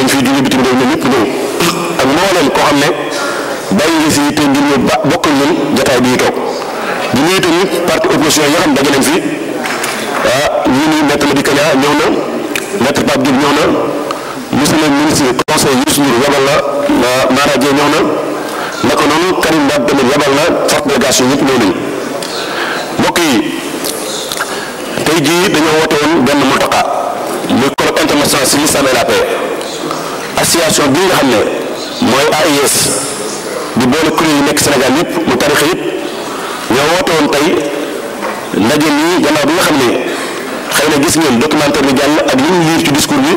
dañ fiy jóge bitim réew mi ñëpp ñëw ak mbooleem koo xam ne bàyyi nga si te ngir ñëw ba bokk ak ñun jotaay bi ñu toog bu ñëwee tamit parti opposition yi nga xam daje nañ fi ah ñu ni maître Madické Niang na maître Pape Diop ñëw na monsieur le ministre conseil Youssou Ndour yabal na Mara Dieng ñëw na naka noonu Karim Wade tamit yabal na forte délégation ñëpp ñëw nañ mbokk yi tey jii dañoo woote woon benn multaqa muy colloque international si l'islam la paix association bii nga xam ne mooy AIS di boole kuréel yu nekk Sénégal yëpp mu tarixa yëpp ñoo woote woon tey ndaje nii gannaaw bi nga xam ne xëy na gis ngeen documentaire bi jàll ak li ñu liir ci discours bi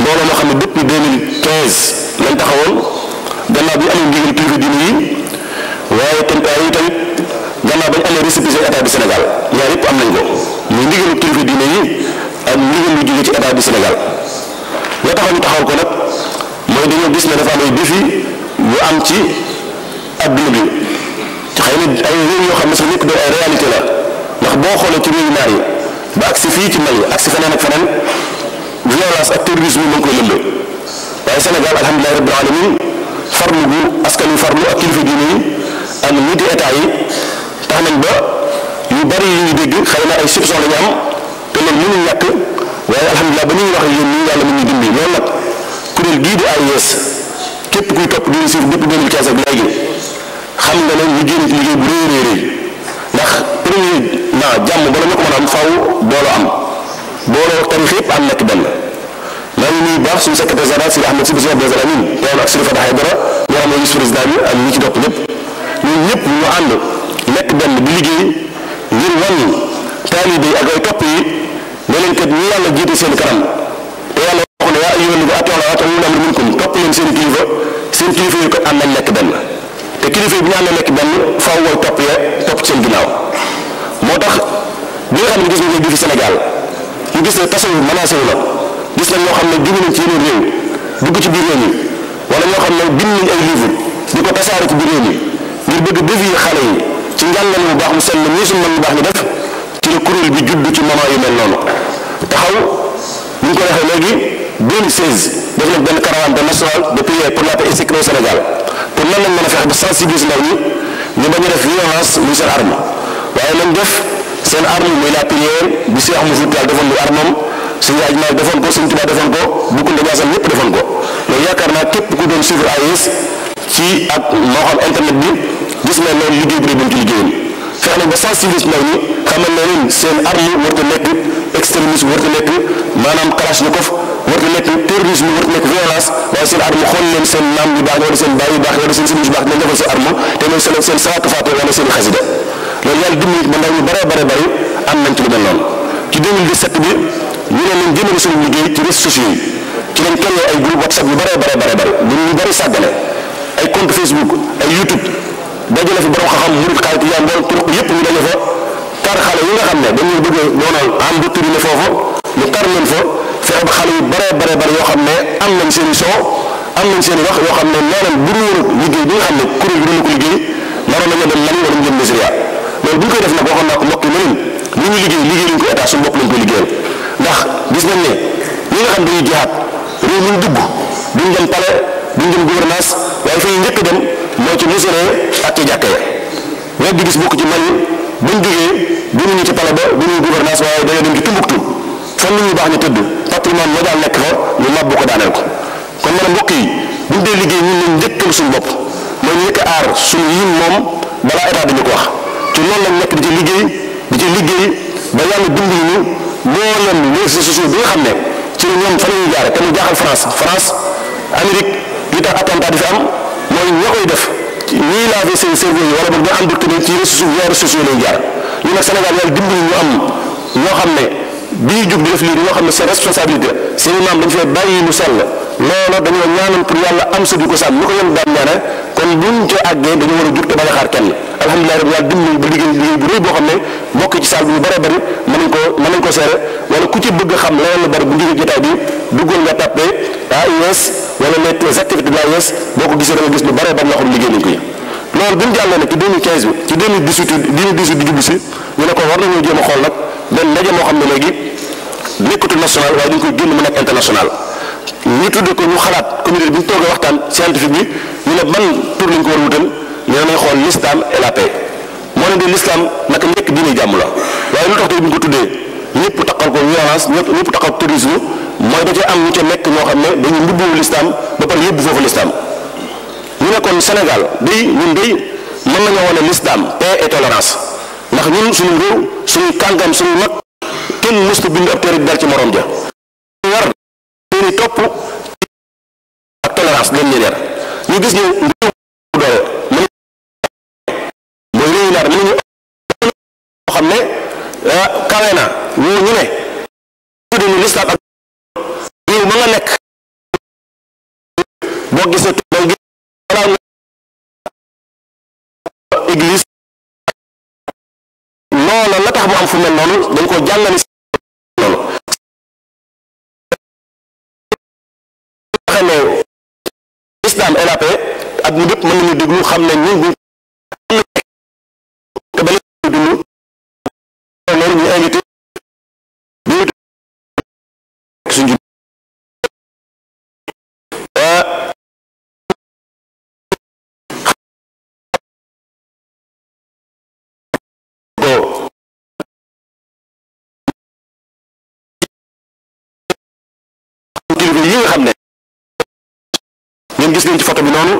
mbooloo moo xam ne depuis 2015 lañ taxawoon gannaaw bi amee ndigal kilifa diine yi waaye tamit waaye tamit gannaaw bañ amee récépissé état du Sénégal ñaar yëpp am nañ ko muy ndigalu kilifa diine yi ak ndigal lu jóge ci état du Sénégal la tax ñu taxawal ko nag mooy dañoo gis ne dafa am défi yu am ci adduna bi ci xëy na ay réew yoo xam ne sax nekk doon ay réalité la ndax boo xoolee ci réew naar yi ba agsi fii ci Mali agsi feneen ak feneen violence ak terrorisme mu ngi koy lëmbee waaye Sénégal alhamdulilah rabbil alamin farlu gu askan wi farlu ak kilifa diine yi ak nit yi état yi tax nañ ba yu bari yu ñu dégg xëy ay soupçon am te loolu mënul ñàkk. waaye alhamdulilah ba ñuy wax yéen ñii yàlla mën ñu dimbali loolu nag kuréel gii di AIS képp kuy topp di suuf depuis 2015 ak léegi xam nga ne liggéey na ci liggéey bu rëy rëy ndax premier na jàmm bala ñu ko mën a am faaw booloo am booloo tarix yëpp am nekk benn maa ngi nuyu baax suñu secrétaire général Sidi Ahmed si bisi Abdel Amin teewoon ak Sidi Fatah Aïdara bi ak ñi ci topp ñëpp ñun ànd nekk benn bi liggéey ngir wàññi ne leen kat ñi yàlla jiite seen kanam te yàlla wax ne yaa ayyuhal lazina aatii'u llaaha wa attii'u rasuula wa ulil amri kilifa yi kat ànd nañ nekk te kilifa yi bu ñu moo tax bi nga xam ne gis ñu gis ne tasawu menacé wu la gis xam ne jóge nañ ci yeneen réew dugg ci biir réew mi ñoo xam ne bind nañ ay livre di ko tasaare ci biir réew mi ngir bëgg dévier xale yi ci njàngale bu baax mu sell ñi suñu mën bu baax ñu def ci la kuréel bi judd ci moment yu mel noonu taxaw ñu ngi ko waxee léegi 2016 def nañ benn caravane de national de prière pour la paix et sécurité au Sénégal pour nan lañ mën a fexe ba sensibiliser ndaw ñi ñu bañ a def seen arme waaye lañ def seen arme muy la prière bi Cheikh Moussa Tall defoon lu armam suñu yaay maay defoon ko suñu tubaab defoon ko Boukou Ndiassane ñëpp defoon ko loolu yaakaar naa képp ku doon suivre AIS ci ak moo xam internet bi gis na loolu liggéey bu ne buñ ci liggéeyoon. fexe nañ ba sensibiliser ndaw ñi xamal ne leen seen arme warut a nekk extrémisme warut a nekk maanaam kalachnikov warut a nekk terrorisme warut a nekk violence waaye seen arme xool leen seen naam yu baax wala seen baay yu baax wala seen sëriñ yu baax dinañ defal seen te ñoom seen seen salaatu faate seen xasida loolu yàlla dimbali ba ndaw ñu bare bare bari am nañ ci lu mel noonu ci 2017 bi ñu ne nañ jëmale suñu liggéey ci réseaux sociaux bare bare bare bare dajale fi borom xam-xam murit xarit yi am borom turuq yëpp ñu daje fa tar xale yi nga xam ne dañuy bëgg a doonal am bu turine foofu ñu tar leen fa fexe ba xale yu bare bare bare yoo xam ne am nañ seen i son am nañ seen i wax yoo xam ne nee bu ñu bi nga xam ne kuréel gi ko liggéey naroon nañoo dem lan wala ñu loolu koy def nag waxoon naa liggéey liggéey lañ ko état ko liggéeyal ndax gis na ne ñi nga xam dañuy jihaat réew mi dugg duñ dem palais duñ dem gouvernance waaye fa ñu njëkk dem moo ci miséré ak ci jàkka ya di gis bokk ci Mali buñ jógee duñu ñu ci pale ba duñu gouvernance waaye dañoo dem ci Tumbuktu fan nit ñu baax ñu tëdd patrimoine moo daan nekk fa ñu màbb ko daaneel ko kon maanaam mbokk yi buñ dee liggéey ñun lañ njëkkal suñu bopp mooy njëkk aar suñu yiin moom balaa état dañu ko wax ci loolu lañ nekk di ci liggéey di ci liggéey ba yàlla dimbali ñu moo lem réseaux sociaux bi ci ñoom fan la ñuy jaare te ñu jaaxal France France Amérique li tax attentat di fi am mooy ña koy def ñii laver seen cerveau yi wala boog ñoo am docteur ci réseaux sociaux réseaux sociaux lay jaar ñu nag Sénégal yàlla ñu am ñoo xam ne bi ñu jug di def lii ñoo xam ne seen responsabilité seen maam dañu fee bàyyi lu sell loolu dañoo ñaanal pour yàlla am sa di ko sàmm ni ko yéen daan ñaane kon ñu ca àggee dañu war a jug te bañ a xaar kenn alhamdulilah rabbi yàlla dimbali ba bu rëy boo xam ne bokk ci saal bu ñu bare bari mën nañ ko mën nañ ko seere ku ci bëgg xam leneen lu bari bu jógee jotaay bi duggal nga tàppee wala les activités de l'AES boo ko gisee da gis lu bare bari loo xam liggéey nañ ko yi loolu bu ñu nag ci 2015 bi ci 2018 2018 di jublu si ñu ne ko war nañoo jéem a xool nag benn ndaje moo xam ne léegi nekkatul national waaye dañ koy génn mu nekk international ñu tuddee ko ñu xalaat communauté bi ñu toogee waxtaan scientifique bi ñu ne ban tur lañ ko war a wutal ñu ne nañ xool l'islam et la paix moo leen di l'islam naka nekk diine jàmm la waaye lu tax ko tuddee ñëpp takkal ko violence ñëpp takkal tourisme mooy da ca am ñu ca nekk ñoo xam ne dañuy mbubbu lislaam ba pare yóbbu foofu lislaam ñu ne kon Sénégal day ñun day mën nañoo wane lislaam paix et tolérance ndax ñun suñu réew suñu kàngam suñu kenn mës ko bind ci morom ja war ñu topp ak tolérance leen ñu leer ñu gis ñu réew xam ne ah, kawe na ñu ñu ne ñu ak boo gisee boo gisee balaa la tax mu am fu mel noonu dañ ko jàngale si noonu nga xam ne islam et la paix xam ne ñun gis nañ ci photo bi noonu.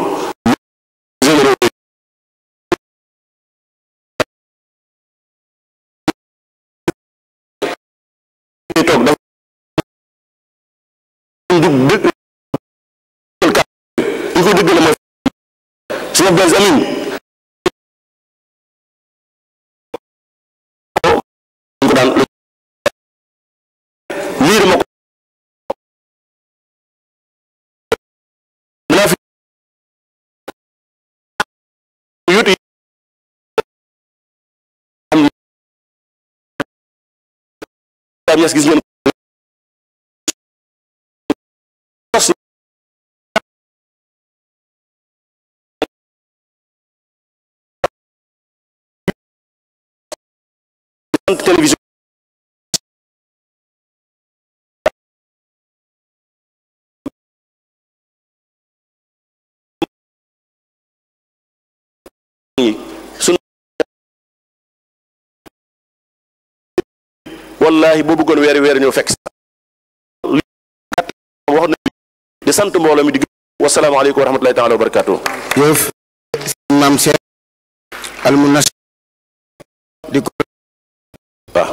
sëñ Abdou Amin ko daan Moustapha Niass gis ngeen télévision wallaahi boo bëggoon weer weer ñëw fekk li gàtt di sant mbooloo mi di gërëm wasalaamaaleykum wa rahmatulahi taala wa barakaatu. jërëjëf maam Cheikh almunas di ko waaw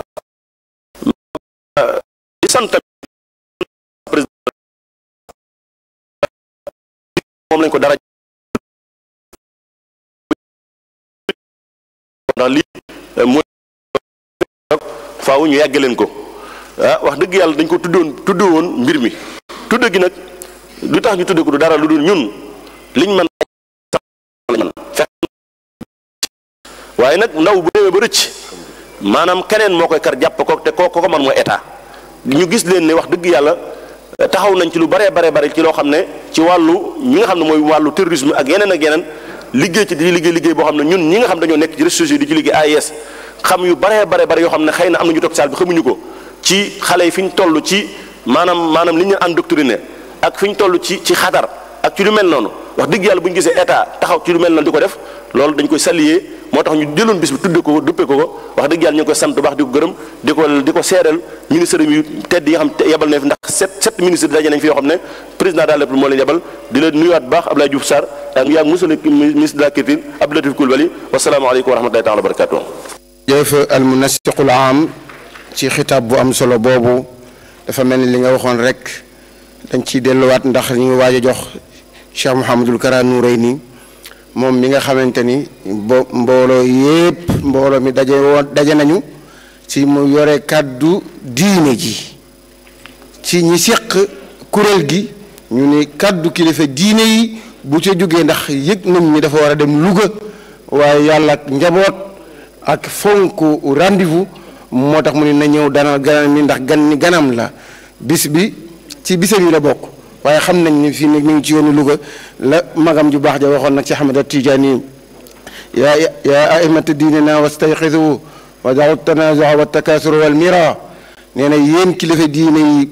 moom lañ ko dara ndax faaw ñu yàgg leen ko ah, wax dëgg yàlla dañ ko tuddoon tudde woon mbir mi tudde gi nag lu tax ñu tudd ko du dara lu dul ñun liñ mën waaye nag ndaw bu demee ba rëcc maanaam keneen moo koy kar jàpp ko te ko ko man mooy état ñu gis leen ne wax dëgg yàlla taxaw nañ ci lu baree baree bare ci loo xam ne ci wàllu ñi nga xam ne mooy wàllu terrorisme ak yeneen ak yeneen liggéey ci di liggéey liggéey boo xam ne ñun ñi nga xam dañoo nekk ci réseaux di ci liggéey AIS xam yu baree bare bare yoo xam ne xëy na am na ñu toog saal bi xamuñu ko ci xale yi fi ñu toll ci maanaam maanaam li ñu leen endoctriné ak fi ñu toll ci ci xatar ak ci lu mel noonu wax dëgg yàlla bu ñu gisee état taxaw ci lu mel noonu di ko def loolu dañ koy saluer moo tax ñu jëloon bis bi tudde ko duppe ko ko wax dëgg yàlla ñu ngi koy sant bu baax di ko gërëm di ko di ko seeral ministre yu tedd yi nga xam yebal na fi ndax sept sept ministre daje nañ fi yoo xam ne président de di la culture jëf almunasiqul am ci xitaab bu am solo boobu dafa mel ni li nga waxoon rek dañ ciy delluwaat ndax ñu ngi waaj a jox Cheikh Mouhamadul Kara Nourayni moom mi nga xamante ni bo mbooloo yépp mbooloo mi daje daje nañu ci mu yore kàddu diine ji ci ñi seq kuréel gi ñu ni kàddu kilifa diine yi bu ca jógee ndax yëg nañ ñi dafa war a dem Louga waaye yàlla njaboot ak fonk rendez moo tax mu ne na ñëw daanal ganam mi ndax gan ni ganam la bis bi ci bisam yi la bokk waaye xam nañ ni fii ni ñu ngi ci yoonu Louga la magam ju baax ja waxoon nag ci Ahmada Tijaani yaa yaa aimata diinina wastayxisu wa daxu tanazoa wa takasur wal mira nee na yéen kilifa diine yi